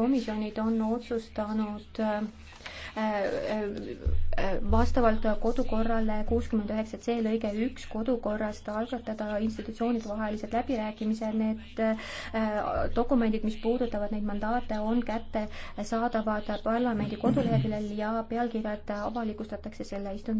komisjonid on otsustanud äh, äh, vastavalt kodukorrale kuuskümmend üheksa C lõige üks kodukorrast algatada institutsioonide vahelised läbirääkimised, need äh, dokumendid, mis puudutavad neid mandaate, on kättesaadavad parlamendi koduleheküljel ja pealkirjad avalikustatakse selle istungi